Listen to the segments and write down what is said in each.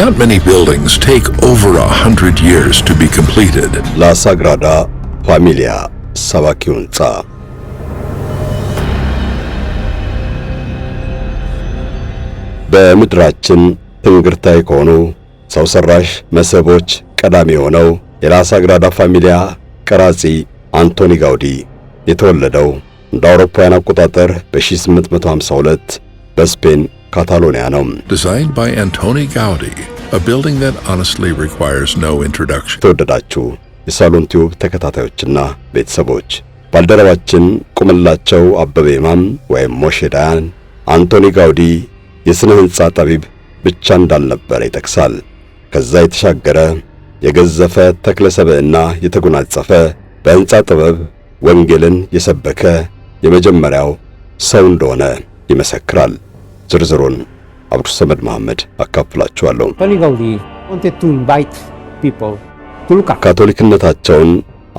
Not many buildings take over a hundred years to be completed. La Sagrada Familia ሰባኪ በምድራችን ትንግርታዊ ከሆኑ ሰው ሰራሽ መስህቦች ቀዳሚ የሆነው የላ ሳግራዳ ፋሚሊያ ቀራጺ አንቶኒ ጋውዲ የተወለደው እንደ አውሮፓውያን አቆጣጠር በ1852 በስፔን ካታሎኒያ ነው። ተወደዳችሁ የሳሎን ቲዩብ ተከታታዮችና ቤተሰቦች ባልደረባችን ቁምላቸው አበበ ይማም ወይም ሞሼ ዳያን አንቶኒ ጋውዲ የሥነ ሕንፃ ጠቢብ ብቻ እንዳልነበረ ይጠቅሳል። ከዛ የተሻገረ የገዘፈ ተክለ ሰብዕና የተጎናጸፈ በሕንፃ ጥበብ ወንጌልን የሰበከ የመጀመሪያው ሰው እንደሆነ ይመሰክራል። ዝርዝሩን ሰመድ መሐመድ አካፍላችኋለሁ። ካቶሊክነታቸውን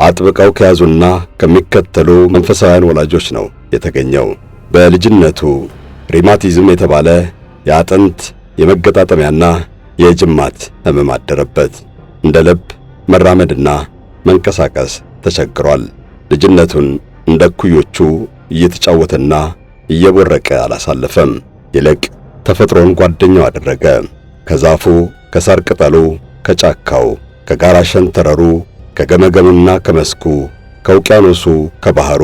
አጥብቀው ከያዙና ከሚከተሉ መንፈሳውያን ወላጆች ነው የተገኘው። በልጅነቱ ሪማቲዝም የተባለ የአጥንት የመገጣጠሚያና የጅማት ህመም አደረበት። እንደ ልብ መራመድና መንቀሳቀስ ተቸግሯል። ልጅነቱን እንደ እኩዮቹ እየተጫወተና እየቦረቀ አላሳለፈም። ይልቅ ተፈጥሮን ጓደኛው አደረገ። ከዛፉ፣ ከሳር ቅጠሉ፣ ከጫካው፣ ከጋራ ሸንተረሩ፣ ከገመገምና ከመስኩ፣ ከውቅያኖሱ፣ ከባህሩ፣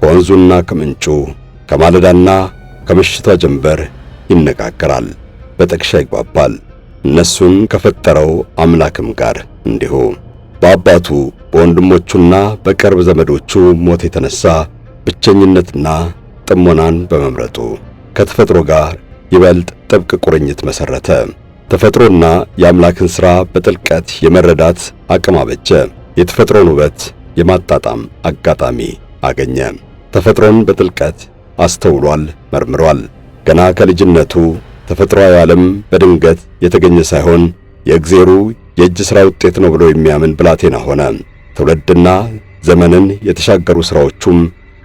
ከወንዙና ከምንጩ፣ ከማለዳና ከምሽቷ ጀንበር ይነጋገራል፣ በጥቅሻ ይግባባል። እነሱን ከፈጠረው አምላክም ጋር እንዲሁ በአባቱ በወንድሞቹና በቅርብ ዘመዶቹ ሞት የተነሳ ብቸኝነትና ጥሞናን በመምረጡ ከተፈጥሮ ጋር ይበልጥ ጥብቅ ቁርኝት መሰረተ። ተፈጥሮና የአምላክን ሥራ በጥልቀት የመረዳት አቅም አበጀ። የተፈጥሮን ውበት የማጣጣም አጋጣሚ አገኘ። ተፈጥሮን በጥልቀት አስተውሏል፣ መርምሯል። ገና ከልጅነቱ ተፈጥሯዊ ዓለም በድንገት የተገኘ ሳይሆን የእግዜሩ የእጅ ሥራ ውጤት ነው ብሎ የሚያምን ብላቴና ሆነ። ትውልድና ዘመንን የተሻገሩ ሥራዎቹም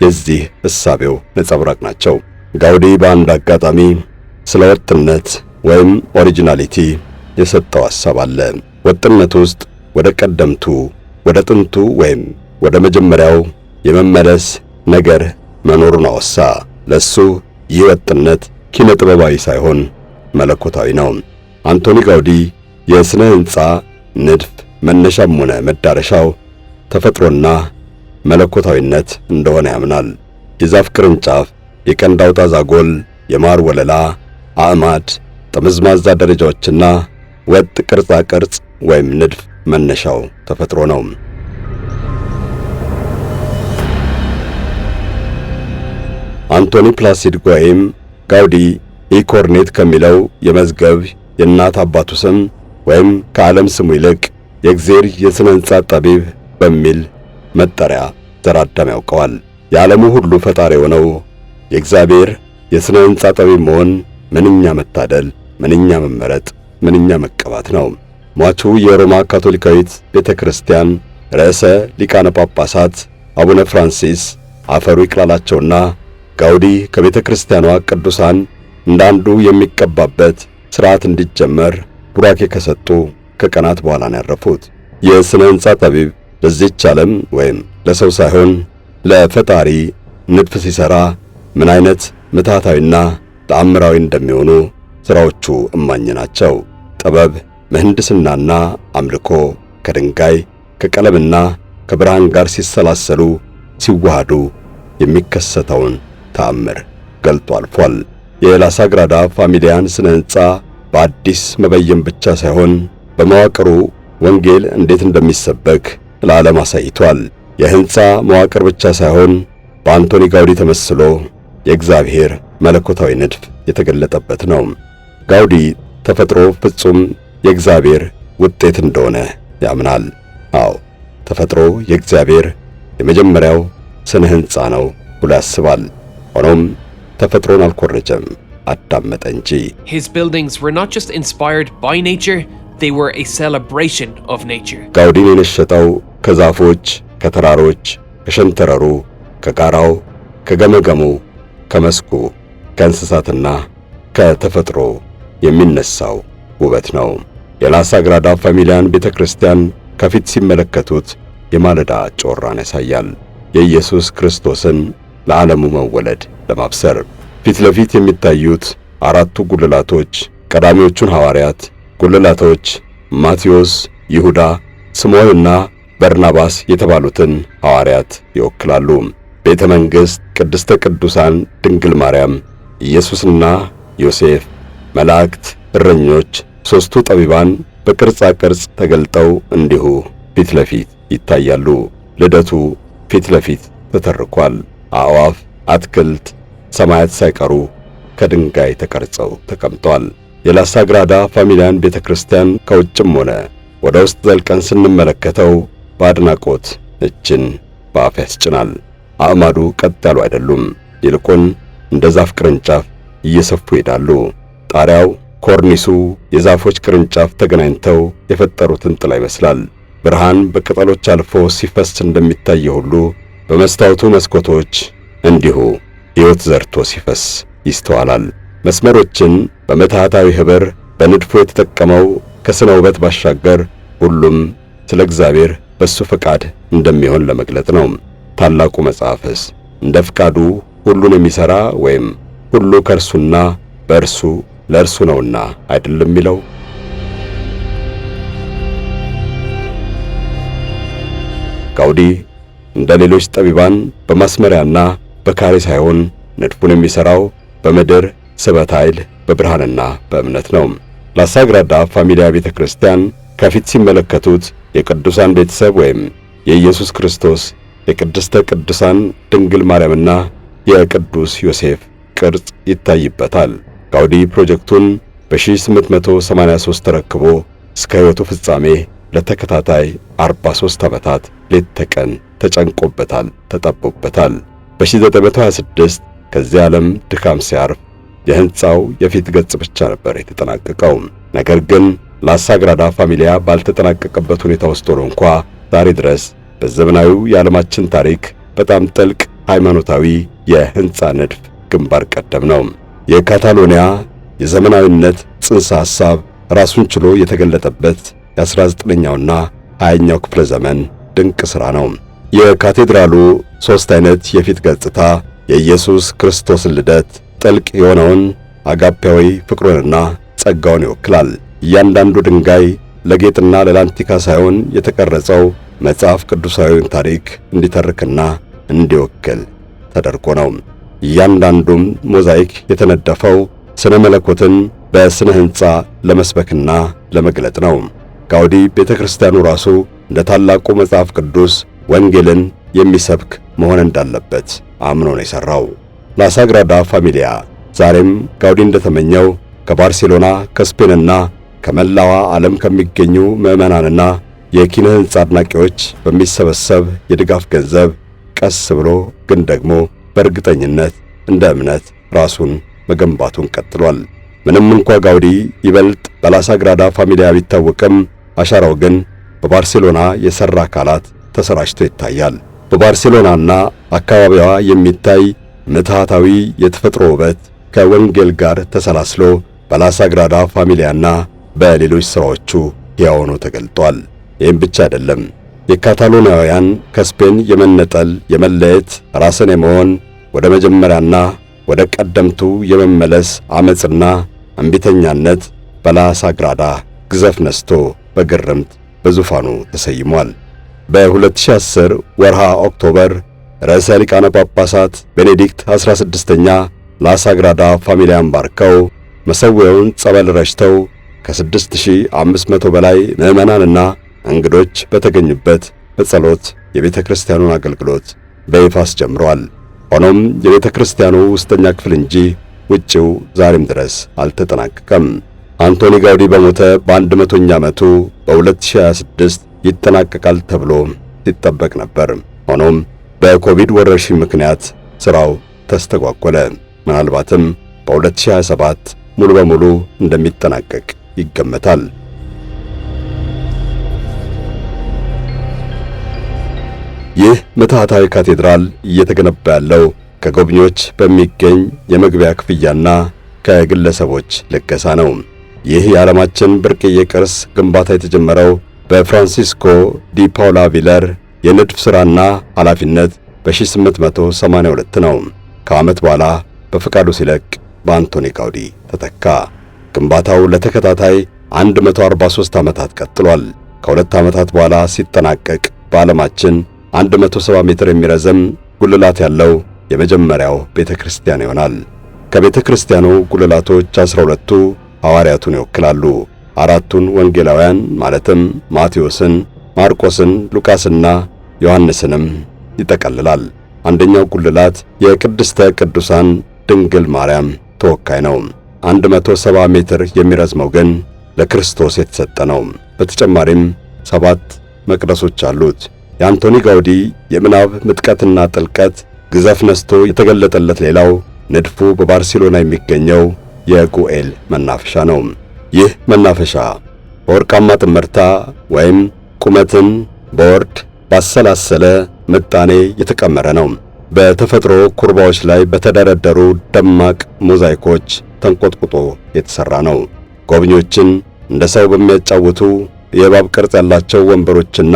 የዚህ እሳቤው ነጸብራቅ ናቸው። ጋውዲ በአንድ አጋጣሚ ስለ ወጥነት ወይም ኦሪጂናሊቲ የሰጠው ሐሳብ አለ። ወጥነት ውስጥ ወደ ቀደምቱ ወደ ጥንቱ ወይም ወደ መጀመሪያው የመመለስ ነገር መኖሩን አወሳ። ለሱ ይህ ወጥነት ኪነ ጥበባዊ ሳይሆን መለኮታዊ ነው። አንቶኒ ጋውዲ የሥነ ሕንፃ ንድፍ መነሻም ሆነ መዳረሻው ተፈጥሮና መለኮታዊነት እንደሆነ ያምናል። የዛፍ ቅርንጫፍ የቀንድ አውጣ ዛጎል፣ የማር ወለላ፣ አዕማድ፣ ጠመዝማዛ ደረጃዎችና ወጥ ቅርጻ ቅርጽ ወይም ንድፍ መነሻው ተፈጥሮ ነው። አንቶኒ ፕላሲድ ጎይም ጋውዲ ኢኮርኔት ከሚለው የመዝገብ የእናት አባቱ ስም ወይም ከዓለም ስሙ ይልቅ የእግዜር የሥነ ሕንጻ ጠቢብ በሚል መጠሪያ ዘራዳም ያውቀዋል። የዓለሙ ሁሉ ፈጣሪ የሆነው የእግዚአብሔር የሥነ ሕንፃ ጠቢብ መሆን ምንኛ መታደል፣ ምንኛ መመረጥ፣ ምንኛ መቀባት ነው። ሟቹ የሮማ ካቶሊካዊት ቤተ ክርስቲያን ርዕሰ ሊቃነ ጳጳሳት አቡነ ፍራንሲስ አፈሩ ይቅላላቸውና ጋውዲ ከቤተ ክርስቲያኗ ቅዱሳን እንዳንዱ የሚቀባበት ሥርዓት እንዲጀመር ቡራኬ ከሰጡ ከቀናት በኋላ ነው ያረፉት። የሥነ ሕንፃ ጠቢብ ለዚህች ዓለም ወይም ለሰው ሳይሆን ለፈጣሪ ንድፍ ሲሠራ ምን አይነት ምታታዊና ተአምራዊ እንደሚሆኑ ሥራዎቹ እማኝ ናቸው። ጥበብ፣ ምህንድስናና አምልኮ ከድንጋይ ከቀለምና ከብርሃን ጋር ሲሰላሰሉ ሲዋሃዱ የሚከሰተውን ተአምር ገልጦ አልፏል። የላሳግራዳ ፋሚሊያን ስነ ሕንጻ በአዲስ መበየን ብቻ ሳይሆን በመዋቅሩ ወንጌል እንዴት እንደሚሰበክ ለዓለም አሳይቷል። የሕንፃ መዋቅር ብቻ ሳይሆን በአንቶኒ ጋውዲ ተመስሎ የእግዚአብሔር መለኮታዊ ንድፍ የተገለጠበት ነው። ጋውዲ ተፈጥሮ ፍጹም የእግዚአብሔር ውጤት እንደሆነ ያምናል። አዎ ተፈጥሮ የእግዚአብሔር የመጀመሪያው ስነ ሕንፃ ነው ብሎ ያስባል። ሆኖም ተፈጥሮን አልኮረጀም፣ አዳመጠ እንጂ። His buildings were not just inspired by nature, they were a celebration of nature. ጋውዲን የነሸጠው ከዛፎች፣ ከተራሮች፣ ከሸንተረሩ፣ ከጋራው፣ ከገመገሙ ከመስኩ ከእንስሳትና ከተፈጥሮ የሚነሳው ውበት ነው። የላሳግራዳ ፋሚሊያን ቤተ ክርስቲያን ከፊት ሲመለከቱት የማለዳ ጮራን ያሳያል። የኢየሱስ ክርስቶስን ለዓለሙ መወለድ ለማብሰር ፊት ለፊት የሚታዩት አራቱ ጉልላቶች ቀዳሚዎቹን ሐዋርያት ጉልላቶች ማቴዎስ፣ ይሁዳ፣ ስምዖንና በርናባስ የተባሉትን ሐዋርያት ይወክላሉ። ቤተ መንግሥት ቅድስተ ቅዱሳን ድንግል ማርያም፣ ኢየሱስና ዮሴፍ፣ መላእክት፣ እረኞች፣ ሦስቱ ጠቢባን በቅርጻ ቅርጽ ተገልጠው እንዲሁ ፊት ለፊት ይታያሉ። ልደቱ ፊት ለፊት ተተርኳል። አዕዋፍ፣ አትክልት፣ ሰማያት ሳይቀሩ ከድንጋይ ተቀርጸው ተቀምጧል። የላሳግራዳ ፋሚሊያን ቤተ ክርስቲያን ከውጭም ሆነ ወደ ውስጥ ዘልቀን ስንመለከተው በአድናቆት እጅን በአፍ ያስጭናል። አዕማዱ ቀጥ ያሉ አይደሉም፣ ይልቁን እንደ ዛፍ ቅርንጫፍ እየሰፉ ይሄዳሉ። ጣሪያው፣ ኮርኒሱ የዛፎች ቅርንጫፍ ተገናኝተው የፈጠሩትን ጥላ ይመስላል። ብርሃን በቅጠሎች አልፎ ሲፈስ እንደሚታይ ሁሉ በመስታወቱ መስኮቶች እንዲሁ ሕይወት ዘርቶ ሲፈስ ይስተዋላል። መስመሮችን በመታታዊ ኅብር በንድፉ የተጠቀመው ከስነ ውበት ባሻገር ሁሉም ስለ እግዚአብሔር በሱ ፈቃድ እንደሚሆን ለመግለጥ ነው። ታላቁ መጽሐፍስ እንደ ፍቃዱ ሁሉን የሚሠራ ወይም ሁሉ ከእርሱና በእርሱ ለእርሱ ነውና አይደለም የሚለው? ጋውዲ እንደ ሌሎች ጠቢባን በማስመሪያና በካሬ ሳይሆን ንድፉን የሚሠራው በምድር ስበት ኃይል በብርሃንና በእምነት ነው። ላሳግራዳ ፋሚሊያ ቤተ ክርስቲያን ከፊት ሲመለከቱት የቅዱሳን ቤተሰብ ወይም የኢየሱስ ክርስቶስ የቅድስተ ቅዱሳን ድንግል ማርያምና የቅዱስ ዮሴፍ ቅርጽ ይታይበታል። ጋውዲ ፕሮጀክቱን በ1883 ተረክቦ እስከ ሕይወቱ ፍጻሜ ለተከታታይ 43 ዓመታት ሌት ተቀን ተጨንቆበታል፣ ተጠቦበታል። በ1926 ከዚህ ዓለም ድካም ሲያርፍ የሕንፃው የፊት ገጽ ብቻ ነበር የተጠናቀቀው። ነገር ግን ላሳግራዳ ፋሚሊያ ባልተጠናቀቀበት ሁኔታ ውስጥ ሆኖ እንኳ ዛሬ ድረስ በዘመናዊው የዓለማችን ታሪክ በጣም ጥልቅ ሃይማኖታዊ የህንፃ ንድፍ ግንባር ቀደም ነው። የካታሎኒያ የዘመናዊነት ጽንሰ ሐሳብ ራሱን ችሎ የተገለጠበት የ19ኛውና 20ኛው ክፍለ ዘመን ድንቅ ሥራ ነው። የካቴድራሉ ሦስት ዓይነት የፊት ገጽታ የኢየሱስ ክርስቶስን ልደት ጥልቅ የሆነውን አጋፔያዊ ፍቅሩንና ጸጋውን ይወክላል። እያንዳንዱ ድንጋይ ለጌጥና ለላንቲካ ሳይሆን የተቀረጸው መጽሐፍ ቅዱሳዊውን ታሪክ እንዲተርክና እንዲወክል ተደርጎ ነው። እያንዳንዱም ሞዛይክ የተነደፈው ስነ መለኮትን በስነ ሕንፃ ለመስበክና ለመግለጥ ነው። ጋውዲ ቤተ ክርስቲያኑ ራሱ እንደ ታላቁ መጽሐፍ ቅዱስ ወንጌልን የሚሰብክ መሆን እንዳለበት አምኖ ነው የሠራው። ላሳግራዳ ፋሚሊያ ዛሬም ጋውዲ እንደተመኘው ከባርሴሎና ከስፔንና ከመላዋ ዓለም ከሚገኙ ምዕመናንና የኪነ ህንፃ አድናቂዎች በሚሰበሰብ የድጋፍ ገንዘብ ቀስ ብሎ ግን ደግሞ በእርግጠኝነት እንደ እምነት ራሱን መገንባቱን ቀጥሏል። ምንም እንኳ ጋውዲ ይበልጥ በላሳ ግራዳ ፋሚሊያ ቢታወቅም አሻራው ግን በባርሴሎና የሰራ አካላት ተሰራጭቶ ይታያል። በባርሴሎናና አካባቢዋ የሚታይ ምትሃታዊ የተፈጥሮ ውበት ከወንጌል ጋር ተሰላስሎ በላሳግራዳ ፋሚሊያና በሌሎች ሥራዎቹ ሕያው ሆኖ ተገልጧል። ይህም ብቻ አይደለም። የካታሎናውያን ከስፔን የመነጠል የመለየት፣ ራስን የመሆን ወደ መጀመሪያና ወደ ቀደምቱ የመመለስ አመፅና እምቢተኛነት በላስ አግራዳ ግዘፍ ነስቶ በግርምት በዙፋኑ ተሰይሟል። በ2010 ወርሃ ኦክቶበር ርዕሰ ሊቃነ ጳጳሳት ቤኔዲክት 16ኛ ላስ ፋሚሊያን ባርከው መሠዊያውን ጸበል ረሽተው ከ6500 በላይ ምዕመናንና እንግዶች በተገኙበት በጸሎት የቤተ ክርስቲያኑን አገልግሎት በይፋስ ጀምሯል። ሆኖም የቤተ ክርስቲያኑ ውስጠኛ ክፍል እንጂ ውጪው ዛሬም ድረስ አልተጠናቀቀም። አንቶኒ ጋውዲ በሞተ በአንድ መቶኛ ዓመቱ በ2026 ይጠናቀቃል ተብሎ ሲጠበቅ ነበር። ሆኖም በኮቪድ ወረርሽኝ ምክንያት ሥራው ተስተጓጎለ። ምናልባትም በ2027 ሙሉ በሙሉ እንደሚጠናቀቅ ይገመታል። ይህ ምትሃታዊ ካቴድራል እየተገነባ ያለው ከጎብኚዎች በሚገኝ የመግቢያ ክፍያና ከግለሰቦች ልገሳ ነው። ይህ የዓለማችን ብርቅዬ ቅርስ ግንባታ የተጀመረው በፍራንሲስኮ ዲ ፓውላ ቪለር የንድፍ ሥራና ኃላፊነት በ1882 ነው። ከዓመት በኋላ በፈቃዱ ሲለቅ በአንቶኒ ጋውዲ ተተካ። ግንባታው ለተከታታይ 143 ዓመታት ቀጥሏል። ከሁለት ዓመታት በኋላ ሲጠናቀቅ በዓለማችን 170 ሜትር የሚረዘም ጉልላት ያለው የመጀመሪያው ቤተ ክርስቲያን ይሆናል። ከቤተ ክርስቲያኑ ጉልላቶች 12ቱ ሐዋርያቱን ይወክላሉ። አራቱን ወንጌላውያን ማለትም ማቴዎስን፣ ማርቆስን፣ ሉቃስና ዮሐንስንም ይጠቀልላል። አንደኛው ጉልላት የቅድስተ ቅዱሳን ድንግል ማርያም ተወካይ ነው። 170 ሜትር የሚረዝመው ግን ለክርስቶስ የተሰጠ ነው። በተጨማሪም ሰባት መቅደሶች አሉት። የአንቶኒ ጋውዲ የምናብ ምጥቀትና ጥልቀት ግዘፍ ነስቶ የተገለጠለት ሌላው ንድፉ በባርሴሎና የሚገኘው የጉኤል መናፈሻ ነው። ይህ መናፈሻ በወርቃማ ጥመርታ ወይም ቁመትን በወርድ ባሰላሰለ ምጣኔ የተቀመረ ነው። በተፈጥሮ ኩርባዎች ላይ በተደረደሩ ደማቅ ሞዛይኮች ተንቆጥቁጦ የተሰራ ነው። ጎብኚዎችን እንደ ሰው በሚያጫውቱ የእባብ ቅርጽ ያላቸው ወንበሮችና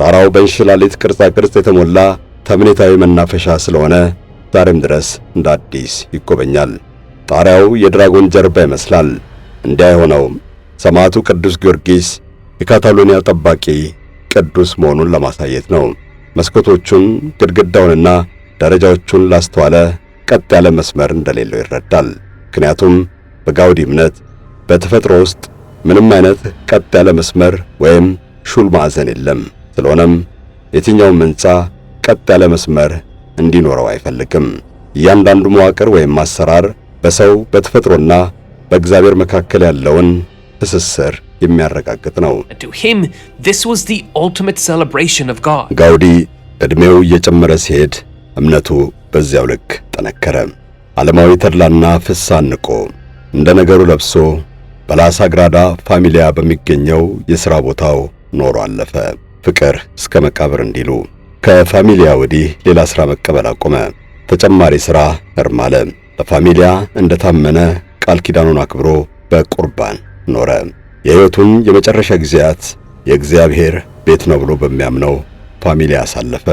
ጣራው በእንሽላሊት ቅርጻ ቅርጽ የተሞላ ተምኔታዊ መናፈሻ ስለሆነ ዛሬም ድረስ እንደ አዲስ ይጎበኛል። ጣሪያው የድራጎን ጀርባ ይመስላል። እንዲያ የሆነውም ሰማዕቱ ቅዱስ ጊዮርጊስ የካታሎኒያ ጠባቂ ቅዱስ መሆኑን ለማሳየት ነው። መስኮቶቹን፣ ግድግዳውንና ደረጃዎቹን ላስተዋለ ቀጥ ያለ መስመር እንደሌለው ይረዳል። ምክንያቱም በጋውዲ እምነት በተፈጥሮ ውስጥ ምንም አይነት ቀጥ ያለ መስመር ወይም ሹል ማዕዘን የለም። ስለሆነም የትኛውም ሕንፃ ቀጥ ያለ መስመር እንዲኖረው አይፈልግም። እያንዳንዱ መዋቅር ወይም አሰራር በሰው በተፈጥሮና በእግዚአብሔር መካከል ያለውን ትስስር የሚያረጋግጥ ነው። ጋውዲ ዕድሜው እየጨመረ ሲሄድ እምነቱ በዚያው ልክ ጠነከረ። ዓለማዊ ተድላና ፍሳ ንቆ እንደ ነገሩ ለብሶ በላ ሳግራዳ ፋሚሊያ በሚገኘው የሥራ ቦታው ኖሮ አለፈ። ፍቅር እስከ መቃብር እንዲሉ ከፋሚሊያ ወዲህ ሌላ ስራ መቀበል አቆመ። ተጨማሪ ስራ እርማለ ለፋሚሊያ በፋሚሊያ እንደታመነ ቃል ኪዳኑን አክብሮ በቁርባን ኖረ። የህይወቱን የመጨረሻ ጊዜያት የእግዚአብሔር ቤት ነው ብሎ በሚያምነው ፋሚሊያ አሳለፈ።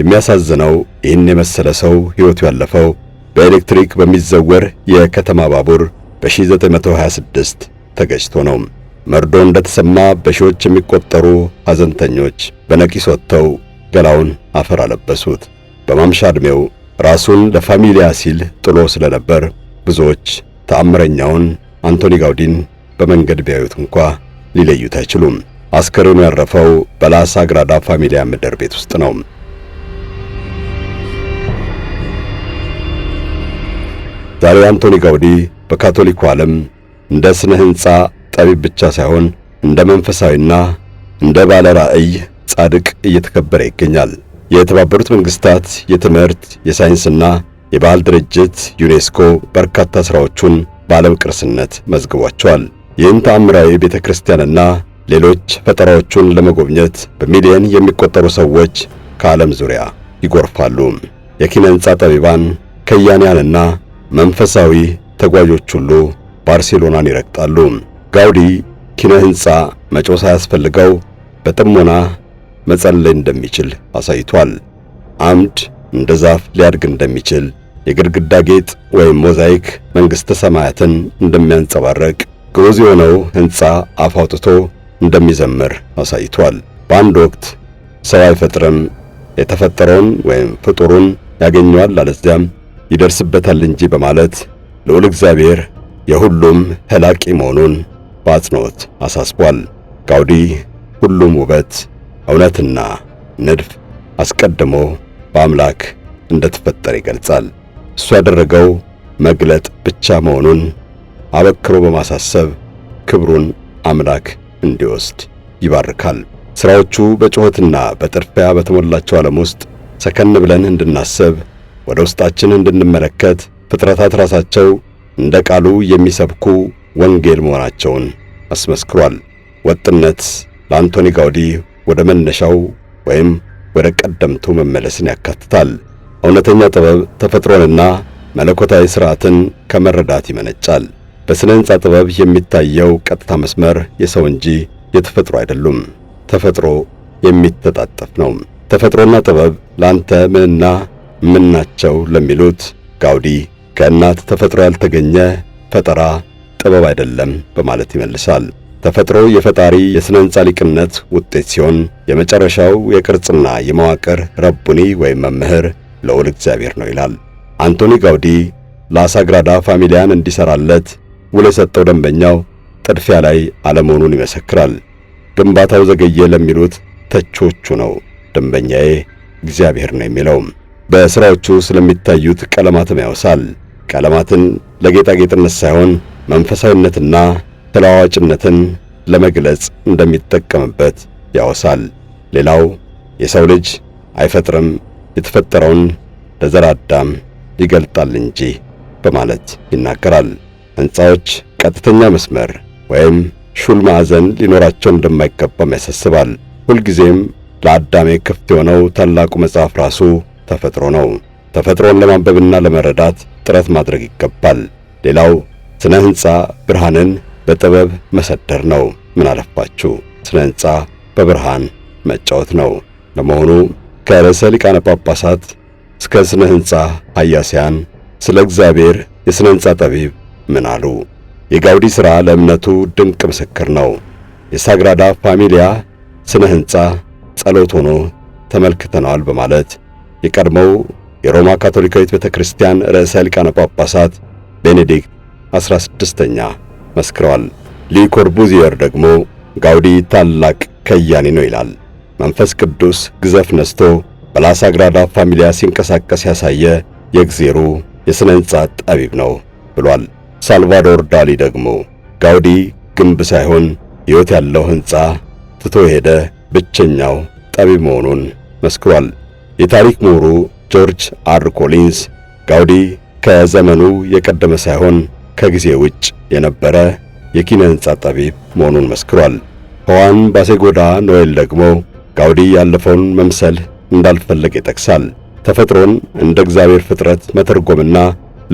የሚያሳዝነው ይህን የመሰለ ሰው ሕይወቱ ያለፈው በኤሌክትሪክ በሚዘወር የከተማ ባቡር በ1926 ተገጭቶ ነው። መርዶ እንደተሰማ በሺዎች የሚቆጠሩ ሐዘንተኞች በነቂስ ወጥተው ገላውን አፈር አለበሱት። በማምሻ ዕድሜው ራሱን ለፋሚሊያ ሲል ጥሎ ስለነበር ብዙዎች ተአምረኛውን አንቶኒ ጋውዲን በመንገድ ቢያዩት እንኳ ሊለዩት አይችሉም። አስከሬኑ ያረፈው በላሳ ግራዳ ፋሚሊያ ምድር ቤት ውስጥ ነው። ዛሬ አንቶኒ ጋውዲ በካቶሊኩ ዓለም እንደ ስነ ሕንፃ ጠቢብ ብቻ ሳይሆን እንደ መንፈሳዊና እንደ ባለ ራዕይ ጻድቅ እየተከበረ ይገኛል። የተባበሩት መንግስታት የትምህርት የሳይንስና የባህል ድርጅት ዩኔስኮ በርካታ ሥራዎቹን በዓለም ቅርስነት መዝግቧቸዋል። ይህን ተአምራዊ ቤተ ክርስቲያንና ሌሎች ፈጠራዎቹን ለመጎብኘት በሚሊዮን የሚቆጠሩ ሰዎች ከዓለም ዙሪያ ይጎርፋሉ። የኪነ ሕንፃ ጠቢባን ከያንያንና መንፈሳዊ ተጓዦች ሁሉ ባርሴሎናን ይረግጣሉ። ጋውዲ ኪነ ሕንፃ መጮ ሳያስፈልገው በጥሞና መጸለይ እንደሚችል አሳይቷል። አምድ እንደ ዛፍ ሊያድግ እንደሚችል፣ የግድግዳ ጌጥ ወይም ሞዛይክ መንግሥተ ሰማያትን እንደሚያንጸባረቅ፣ ግዑዝ የሆነው ሕንፃ አፍ አውጥቶ እንደሚዘምር አሳይቷል። በአንድ ወቅት ሰው አይፈጥርም፣ የተፈጠረውን ወይም ፍጡሩን ያገኘዋል፣ አለዚያም ይደርስበታል እንጂ በማለት ልዑል እግዚአብሔር የሁሉም ኅላቂ መሆኑን በአጽንኦት አሳስቧል። ጋውዲ ሁሉም ውበት፣ እውነትና ንድፍ አስቀድሞ በአምላክ እንደተፈጠረ ይገልጻል። እሱ ያደረገው መግለጥ ብቻ መሆኑን አበክሮ በማሳሰብ ክብሩን አምላክ እንዲወስድ ይባርካል። ሥራዎቹ በጩኸትና በጥርፊያ በተሞላቸው ዓለም ውስጥ ሰከን ብለን እንድናስብ፣ ወደ ውስጣችን እንድንመለከት፣ ፍጥረታት ራሳቸው እንደ ቃሉ የሚሰብኩ ወንጌል መሆናቸውን አስመስክሯል። ወጥነት ለአንቶኒ ጋውዲ ወደ መነሻው ወይም ወደ ቀደምቱ መመለስን ያካትታል። እውነተኛ ጥበብ ተፈጥሮንና መለኮታዊ ሥርዓትን ከመረዳት ይመነጫል። በሥነ ሕንፃ ጥበብ የሚታየው ቀጥታ መስመር የሰው እንጂ የተፈጥሮ አይደሉም። ተፈጥሮ የሚተጣጠፍ ነው። ተፈጥሮና ጥበብ ለአንተ ምንና ምን ናቸው ለሚሉት ጋውዲ ከእናት ተፈጥሮ ያልተገኘ ፈጠራ ጥበብ አይደለም በማለት ይመልሳል። ተፈጥሮ የፈጣሪ የሥነ ሕንፃ ሊቅነት ውጤት ሲሆን የመጨረሻው የቅርጽና የመዋቅር ረቡኒ ወይም መምህር ልዑል እግዚአብሔር ነው ይላል። አንቶኒ ጋውዲ ላሳግራዳ ፋሚሊያን እንዲሰራለት ውል የሰጠው ደንበኛው ጥድፊያ ላይ አለመሆኑን ይመሰክራል። ግንባታው ዘገየ ለሚሉት ተቾቹ ነው ደንበኛዬ እግዚአብሔር ነው የሚለው። በሥራዎቹ ስለሚታዩት ቀለማትም ያወሳል። ቀለማትን ለጌጣጌጥነት ሳይሆን መንፈሳዊነትና ተለዋዋጭነትን ለመግለጽ እንደሚጠቀምበት ያወሳል። ሌላው የሰው ልጅ አይፈጥርም የተፈጠረውን ለዘር አዳም ይገልጣል እንጂ በማለት ይናገራል። ሕንፃዎች ቀጥተኛ መስመር ወይም ሹል ማዕዘን ሊኖራቸው እንደማይገባም ያሳስባል። ሁልጊዜም ለአዳሜ ክፍት የሆነው ታላቁ መጽሐፍ ራሱ ተፈጥሮ ነው። ተፈጥሮን ለማንበብና ለመረዳት ጥረት ማድረግ ይገባል። ሌላው ስነ ህንፃ ብርሃንን በጥበብ መሰደር ነው። ምን አለፋችሁ ስነ ህንፃ በብርሃን መጫወት ነው። ለመሆኑ ከርዕሰ ሊቃነ ጳጳሳት እስከ ስነ ህንፃ ሐያስያን ስለ እግዚአብሔር የስነ ሕንፃ ጠቢብ ምን አሉ? የጋውዲ ሥራ ለእምነቱ ድንቅ ምስክር ነው። የሳግራዳ ፋሚሊያ ስነ ሕንፃ ጸሎት ሆኖ ተመልክተነዋል በማለት የቀድሞው የሮማ ካቶሊካዊት ቤተ ክርስቲያን ርዕሰ ሊቃነ ጳጳሳት ቤኔዲክት 16ኛ መስክረዋል። ሊኮርቡዚየር ደግሞ ጋውዲ ታላቅ ከያኔ ነው ይላል። መንፈስ ቅዱስ ግዘፍ ነስቶ በላሳግራዳ ፋሚሊያ ሲንቀሳቀስ ያሳየ የእግዜሩ የሥነ ሕንፃ ጠቢብ ነው ብሏል። ሳልቫዶር ዳሊ ደግሞ ጋውዲ ግንብ ሳይሆን ሕይወት ያለው ሕንፃ ትቶ ሄደ ብቸኛው ጠቢብ መሆኑን መስክሯል። የታሪክ ምሁሩ ጆርጅ አር ኮሊንስ ጋውዲ ከዘመኑ የቀደመ ሳይሆን ከጊዜ ውጭ የነበረ የኪነ ህንጻ ጠቢብ መሆኑን መስክሯል። ሆዋን ባሴጎዳ ኖኤል ደግሞ ጋውዲ ያለፈውን መምሰል እንዳልፈለገ ይጠቅሳል። ተፈጥሮን እንደ እግዚአብሔር ፍጥረት መተርጎምና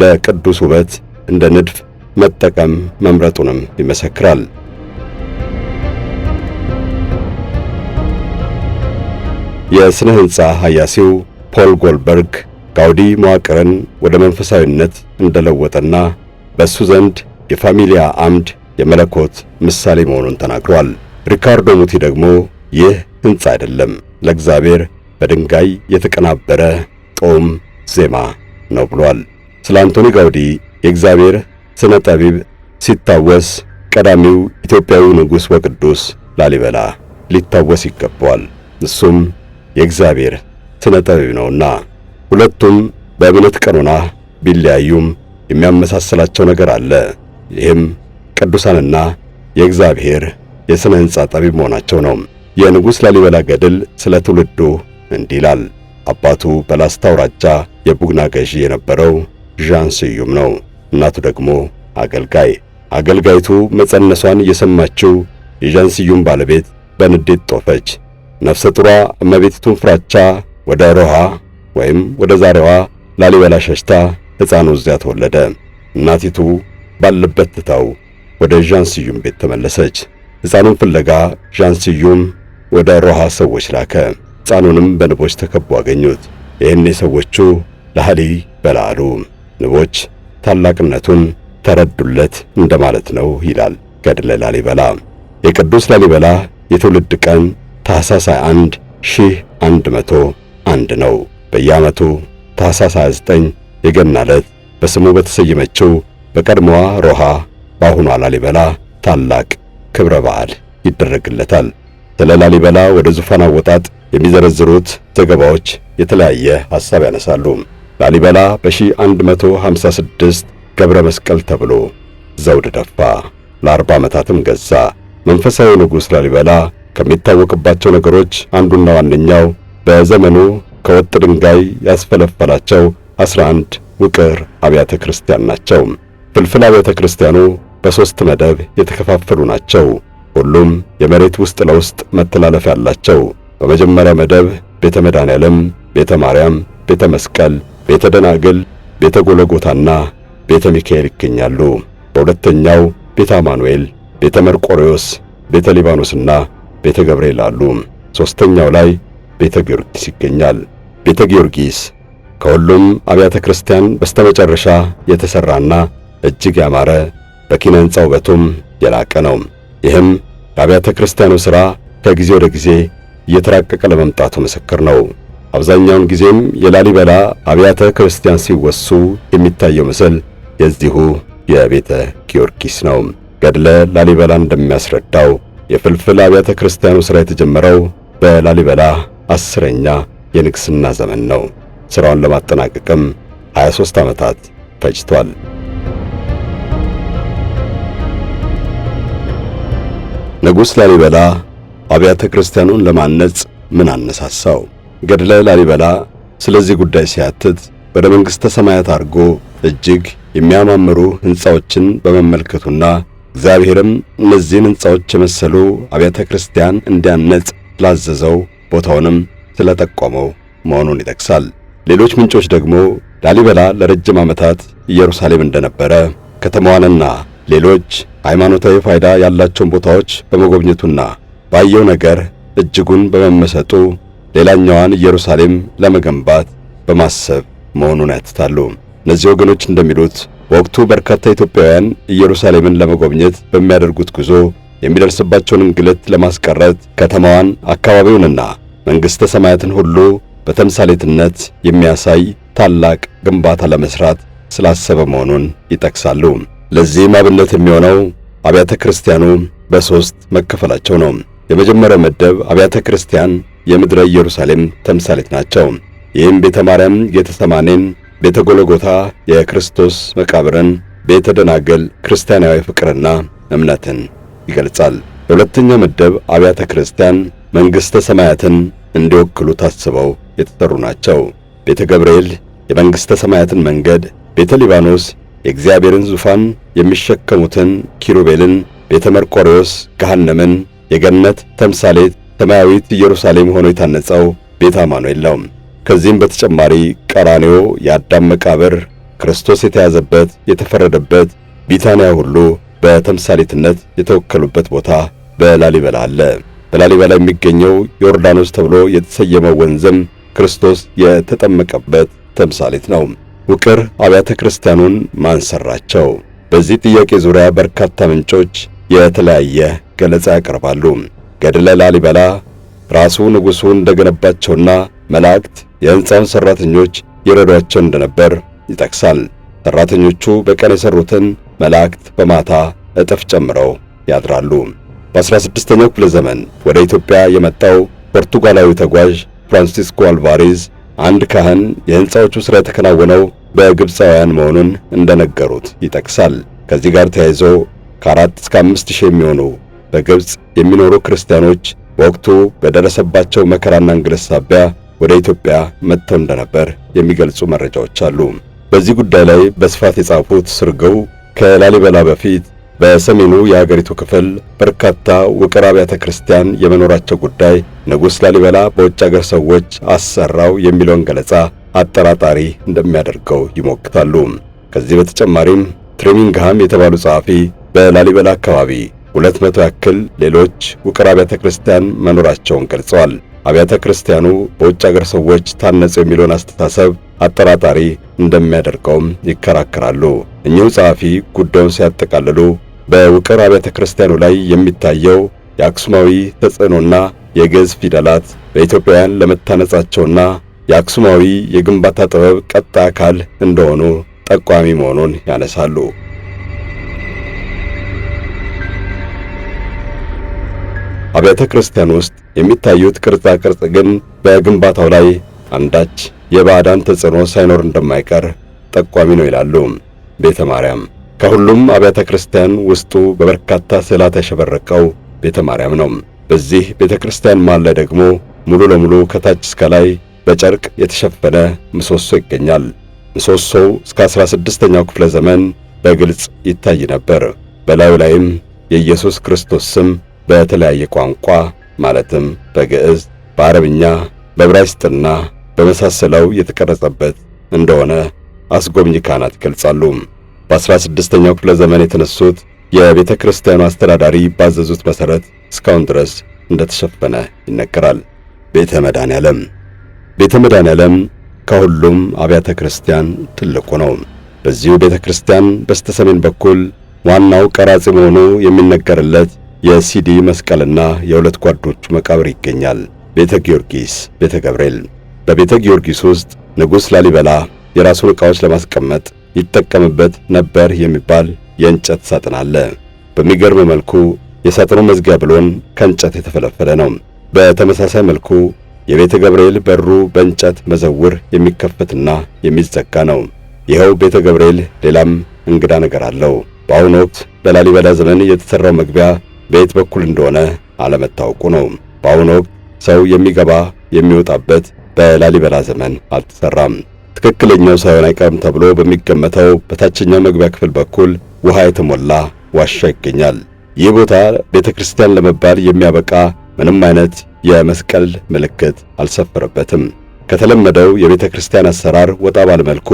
ለቅዱስ ውበት እንደ ንድፍ መጠቀም መምረጡንም ይመሰክራል። የሥነ ሕንጻ ሐያሲው ፖል ጎልበርግ ጋውዲ መዋቅርን ወደ መንፈሳዊነት እንደለወጠና በእሱ ዘንድ የፋሚሊያ አምድ የመለኮት ምሳሌ መሆኑን ተናግሯል። ሪካርዶ ሙቲ ደግሞ ይህ ሕንፃ አይደለም፣ ለእግዚአብሔር በድንጋይ የተቀናበረ ጦም ዜማ ነው ብሏል። ስለ አንቶኒ ጋውዲ የእግዚአብሔር ስነ ጠቢብ ሲታወስ ቀዳሚው ኢትዮጵያዊ ንጉሥ ወቅዱስ ላሊበላ ሊታወስ ይገባዋል። እሱም የእግዚአብሔር ስነ ጠቢብ ነውና ሁለቱም በእምነት ቀኖና ቢለያዩም የሚያመሳስላቸው ነገር አለ። ይህም ቅዱሳንና የእግዚአብሔር የሥነ ሕንፃ ጠቢብ መሆናቸው ነው። የንጉሥ ላሊበላ ገድል ስለ ትውልዱ እንዲህ ይላል። አባቱ በላስታ አውራጃ የቡግና ገዢ የነበረው ዣን ስዩም ነው። እናቱ ደግሞ አገልጋይ። አገልጋይቱ መጸነሷን እየሰማችው የዣን ስዩም ባለቤት በንዴት ጦፈች። ነፍሰ ጡሯ እመቤቲቱን ፍራቻ ወደ ሮሃ ወይም ወደ ዛሬዋ ላሊበላ ሸሽታ ሕፃኑ እዚያ ተወለደ። እናቲቱ ባለበት ትታው ወደ ዣንስዩም ቤት ተመለሰች። ሕፃኑን ፍለጋ ዣንስዩም ወደ ሮሃ ሰዎች ላከ። ሕፃኑንም በንቦች ተከቦ አገኙት። ይህኔ ሰዎቹ ለሃሊ በላሉ። ንቦች ታላቅነቱን ተረዱለት እንደማለት ነው ይላል ገድለ ላሊበላ። የቅዱስ ላሊበላ የትውልድ ቀን ታኅሳስ 21 ሺህ 101 ነው። በየዓመቱ ታኅሳስ 29 የገና ዕለት በስሙ በተሰየመችው በቀድሞዋ ሮሃ በአሁኗ ላሊበላ ታላቅ ክብረ በዓል ይደረግለታል። ስለ ላሊበላ ወደ ዙፋን አወጣጥ የሚዘረዝሩት ዘገባዎች የተለያየ ሐሳብ ያነሳሉ። ላሊበላ በ1156 ገብረ መስቀል ተብሎ ዘውድ ደፋ፣ ለ40 ዓመታትም ገዛ። መንፈሳዊ ንጉሥ ላሊበላ ከሚታወቅባቸው ነገሮች አንዱና ዋነኛው በዘመኑ ከወጥ ድንጋይ ያስፈለፈላቸው 11 ውቅር አብያተ ክርስቲያን ናቸው። ፍልፍል አብያተ ክርስቲያኑ በሦስት መደብ የተከፋፈሉ ናቸው። ሁሉም የመሬት ውስጥ ለውስጥ መተላለፊያ አላቸው። በመጀመሪያ መደብ ቤተ መድኃኔዓለም፣ ቤተ ማርያም፣ ቤተ መስቀል፣ ቤተ ደናግል፣ ቤተ ጎለጎታና ቤተ ሚካኤል ይገኛሉ። በሁለተኛው ቤተ አማኑኤል፣ ቤተ መርቆሪዎስ፣ ቤተ ሊባኖስና ቤተ ገብርኤል አሉ። ሦስተኛው ላይ ቤተ ጊዮርጊስ ይገኛል። ቤተ ጊዮርጊስ ከሁሉም አብያተ ክርስቲያን በስተመጨረሻ የተሰራና እጅግ ያማረ በኪነ ሕንፃ ውበቱም የላቀ ነው። ይህም የአብያተ ክርስቲያኑ ሥራ ከጊዜ ወደ ጊዜ እየተራቀቀ ለመምጣቱ ምስክር ነው። አብዛኛውን ጊዜም የላሊበላ አብያተ ክርስቲያን ሲወሱ የሚታየው ምስል የዚሁ የቤተ ጊዮርጊስ ነው። ገድለ ላሊበላ እንደሚያስረዳው የፍልፍል አብያተ ክርስቲያኑ ሥራ የተጀመረው በላሊበላ አስረኛ የንግሥና ዘመን ነው። ሥራውን ለማጠናቀቅም 23 ዓመታት ፈጅቷል። ንጉሥ ላሊበላ አብያተ ክርስቲያኑን ለማነጽ ምን አነሳሳው? ገድለ ላሊበላ ስለዚህ ጉዳይ ሲያትት ወደ መንግሥተ ሰማያት አድርጎ እጅግ የሚያማምሩ ሕንፃዎችን በመመልከቱና እግዚአብሔርም እነዚህን ሕንፃዎች የመሰሉ አብያተ ክርስቲያን እንዲያነጽ ስላዘዘው ቦታውንም ስለጠቆመው መሆኑን ይጠቅሳል። ሌሎች ምንጮች ደግሞ ላሊበላ ለረጅም ዓመታት ኢየሩሳሌም እንደነበረ ከተማዋንና ሌሎች ሃይማኖታዊ ፋይዳ ያላቸውን ቦታዎች በመጎብኘቱና ባየው ነገር እጅጉን በመመሰጡ ሌላኛዋን ኢየሩሳሌም ለመገንባት በማሰብ መሆኑን ያትታሉ። እነዚህ ወገኖች እንደሚሉት በወቅቱ በርካታ ኢትዮጵያውያን ኢየሩሳሌምን ለመጎብኘት በሚያደርጉት ጉዞ የሚደርስባቸውን እንግልት ለማስቀረት ከተማዋን፣ አካባቢውንና መንግሥተ ሰማያትን ሁሉ በተምሳሌትነት የሚያሳይ ታላቅ ግንባታ ለመስራት ስላሰበ መሆኑን ይጠቅሳሉ። ለዚህም አብነት የሚሆነው አብያተ ክርስቲያኑ በሦስት መከፈላቸው ነው። የመጀመሪያው መደብ አብያተ ክርስቲያን የምድረ ኢየሩሳሌም ተምሳሌት ናቸው። ይህም ቤተ ማርያም፣ ጌተሰማኔን፣ ቤተ ጎለጎታ የክርስቶስ መቃብርን፣ ቤተ ደናግል ክርስቲያናዊ ፍቅርና እምነትን ይገልጻል። በሁለተኛ ምድብ አብያተ ክርስቲያን መንግሥተ ሰማያትን እንዲወክሉ ታስበው የተጠሩ ናቸው። ቤተ ገብርኤል የመንግሥተ ሰማያትን መንገድ፣ ቤተ ሊባኖስ የእግዚአብሔርን ዙፋን የሚሸከሙትን ኪሩቤልን፣ ቤተ መርቆሪዎስ ገሃነምን፣ የገነት ተምሳሌት ሰማያዊት ኢየሩሳሌም ሆኖ የታነጸው ቤተ አማኑኤል ነው። ከዚህም በተጨማሪ ቀራኔዮ የአዳም መቃብር ክርስቶስ የተያዘበት የተፈረደበት ቢታንያ ሁሉ በተምሳሌትነት የተወከሉበት ቦታ በላሊበላ አለ። በላሊበላ የሚገኘው ዮርዳኖስ ተብሎ የተሰየመው ወንዝም ክርስቶስ የተጠመቀበት ተምሳሌት ነው። ውቅር አብያተ ክርስቲያኑን ማን ሰራቸው? በዚህ ጥያቄ ዙሪያ በርካታ ምንጮች የተለያየ ገለጻ ያቀርባሉ። ገድለ ላሊበላ ራሱ ንጉሡ እንደገነባቸውና መላእክት የሕንፃውን ሠራተኞች ይረዷቸው እንደነበር ይጠቅሳል። ሠራተኞቹ በቀን የሠሩትን መላእክት በማታ እጥፍ ጨምረው ያድራሉ። በ16ኛው ክፍለ ዘመን ወደ ኢትዮጵያ የመጣው ፖርቱጋላዊ ተጓዥ ፍራንሲስኮ አልቫሬዝ አንድ ካህን የሕንፃዎቹ ሥራ የተከናወነው በግብፃውያን መሆኑን እንደነገሩት ይጠቅሳል። ከዚህ ጋር ተያይዞ ከአራት እስከ አምስት ሺህ የሚሆኑ በግብፅ የሚኖሩ ክርስቲያኖች በወቅቱ በደረሰባቸው መከራና እንግልት ሳቢያ ወደ ኢትዮጵያ መጥተው እንደነበር የሚገልጹ መረጃዎች አሉ። በዚህ ጉዳይ ላይ በስፋት የጻፉት ስርገው ከላሊበላ በፊት በሰሜኑ የሀገሪቱ ክፍል በርካታ ውቅር አብያተ ክርስቲያን የመኖራቸው ጉዳይ ንጉሥ ላሊበላ በውጭ አገር ሰዎች አሰራው የሚለውን ገለጻ አጠራጣሪ እንደሚያደርገው ይሞክታሉ። ከዚህ በተጨማሪም ትሬሚንግሃም የተባሉ ጸሐፊ በላሊበላ አካባቢ ሁለት መቶ ያክል ሌሎች ውቅር አብያተ ክርስቲያን መኖራቸውን ገልጸዋል። አብያተ ክርስቲያኑ በውጭ አገር ሰዎች ታነጸው የሚለውን አስተሳሰብ አጠራጣሪ እንደሚያደርገውም ይከራከራሉ። እኚሁ ጸሐፊ ጉዳዩን ሲያጠቃልሉ በውቅር አብያተ ክርስቲያኑ ላይ የሚታየው የአክሱማዊ ተጽዕኖና የግዕዝ ፊደላት በኢትዮጵያውያን ለመታነጻቸውና የአክሱማዊ የግንባታ ጥበብ ቀጥ አካል እንደሆኑ ጠቋሚ መሆኑን ያነሳሉ። አብያተ ክርስቲያን ውስጥ የሚታዩት ቅርጻ ቅርጽ ግን በግንባታው ላይ አንዳች የባዕዳን ተጽዕኖ ሳይኖር እንደማይቀር ጠቋሚ ነው ይላሉ ቤተ ማርያም። ከሁሉም አብያተ ክርስቲያን ውስጡ በበርካታ ስዕላት ያሸበረቀው ቤተ ማርያም ነው። በዚህ ቤተ ክርስቲያን መሃል ላይ ደግሞ ሙሉ ለሙሉ ከታች እስከ ላይ በጨርቅ የተሸፈነ ምሰሶ ይገኛል። ምሰሶው እስከ 16ኛው ክፍለ ዘመን በግልጽ ይታይ ነበር። በላዩ ላይም የኢየሱስ ክርስቶስ ስም በተለያየ ቋንቋ ማለትም በግዕዝ፣ በአረብኛ፣ በዕብራይስጥና በመሳሰለው የተቀረጸበት እንደሆነ አስጎብኝ ካህናት ይገልጻሉ። በ16ኛው ክፍለ ዘመን የተነሱት የቤተ ክርስቲያኑ አስተዳዳሪ ባዘዙት መሠረት እስካሁን ድረስ እንደተሸፈነ ይነገራል። ቤተ መድኃኔ ዓለም ቤተ መድኃኔ ዓለም ከሁሉም አብያተ ክርስቲያን ትልቁ ነው። በዚሁ ቤተ ክርስቲያን በስተ ሰሜን በኩል ዋናው ቀራጺ መሆኑ የሚነገርለት የሲዲ መስቀልና የሁለት ጓዶቹ መቃብር ይገኛል። ቤተ ጊዮርጊስ፣ ቤተ ገብርኤል በቤተ ጊዮርጊስ ውስጥ ንጉሥ ላሊበላ የራሱን ዕቃዎች ለማስቀመጥ ይጠቀምበት ነበር የሚባል የእንጨት ሳጥን አለ። በሚገርም መልኩ የሳጥኑ መዝጊያ ብሎን ከእንጨት የተፈለፈለ ነው። በተመሳሳይ መልኩ የቤተ ገብርኤል በሩ በእንጨት መዘውር የሚከፈትና የሚዘጋ ነው። ይኸው ቤተ ገብርኤል ሌላም እንግዳ ነገር አለው። በአሁኑ ወቅት በላሊበላ ዘመን የተሰራው መግቢያ በየት በኩል እንደሆነ አለመታወቁ ነው። በአሁኑ ወቅት ሰው የሚገባ የሚወጣበት በላሊበላ ዘመን አልተሰራም። ትክክለኛው ሳይሆን አይቀርም ተብሎ በሚገመተው በታችኛው መግቢያ ክፍል በኩል ውሃ የተሞላ ዋሻ ይገኛል። ይህ ቦታ ቤተ ክርስቲያን ለመባል የሚያበቃ ምንም አይነት የመስቀል ምልክት አልሰፈረበትም። ከተለመደው የቤተ ክርስቲያን አሰራር ወጣ መልኩ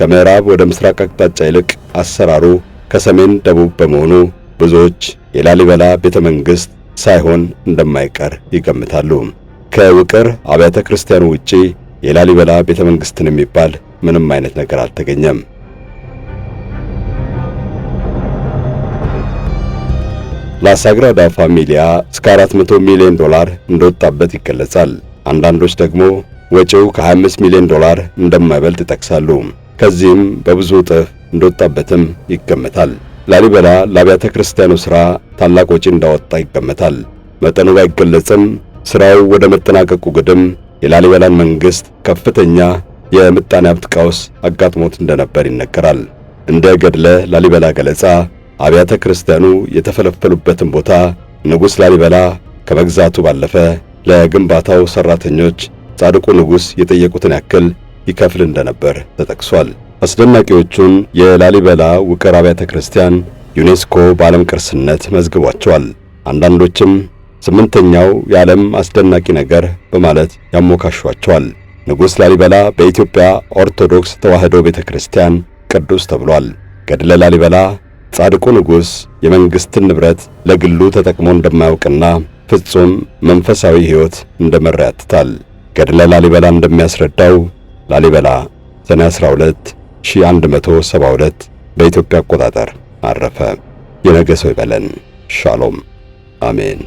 ከምዕራብ ወደ ምስራቅ አቅጣጫ ይልቅ አሰራሩ ከሰሜን ደቡብ በመሆኑ ብዙዎች የላሊበላ ቤተ መንግሥት ሳይሆን እንደማይቀር ይገምታሉ። ከውቅር አብያተ ክርስቲያኑ ውጪ የላሊበላ ቤተ መንግሥትን የሚባል ምንም አይነት ነገር አልተገኘም። ላሳግራዳ ፋሚሊያ እስከ 400 ሚሊዮን ዶላር እንደወጣበት ይገለጻል። አንዳንዶች ደግሞ ወጪው ከ25 ሚሊዮን ዶላር እንደማይበልጥ ይጠቅሳሉ። ከዚህም በብዙ እጥፍ እንደወጣበትም ይገመታል። ላሊበላ ለአብያተ ክርስቲያኑ ሥራ ታላቅ ወጪ እንዳወጣ ይገመታል። መጠኑ ባይገለጽም ሥራው ወደ መጠናቀቁ ግድም የላሊበላን መንግሥት ከፍተኛ የምጣኔ ሀብት ቀውስ አጋጥሞት እንደነበር ይነገራል። እንደ ገድለ ላሊበላ ገለጻ አብያተ ክርስቲያኑ የተፈለፈሉበትን ቦታ ንጉሥ ላሊበላ ከመግዛቱ ባለፈ ለግንባታው ሠራተኞች ጻድቁ ንጉሥ የጠየቁትን ያክል ይከፍል እንደነበር ተጠቅሷል። አስደናቂዎቹን የላሊበላ ውቅር አብያተ ክርስቲያን ዩኔስኮ በዓለም ቅርስነት መዝግቧቸዋል። አንዳንዶችም ስምንተኛው የዓለም አስደናቂ ነገር በማለት ያሞካሿቸዋል። ንጉሥ ላሊበላ በኢትዮጵያ ኦርቶዶክስ ተዋሕዶ ቤተ ክርስቲያን ቅዱስ ተብሏል። ገድለ ላሊበላ ጻድቁ ንጉሥ የመንግሥትን ንብረት ለግሉ ተጠቅሞ እንደማያውቅና ፍጹም መንፈሳዊ ሕይወት እንደመራ ያትታል። ገድለ ላሊበላ እንደሚያስረዳው ላሊበላ ሰኔ 12 1172 በኢትዮጵያ አቆጣጠር አረፈ። የነገ ሰው ይበለን። ሻሎም አሜን።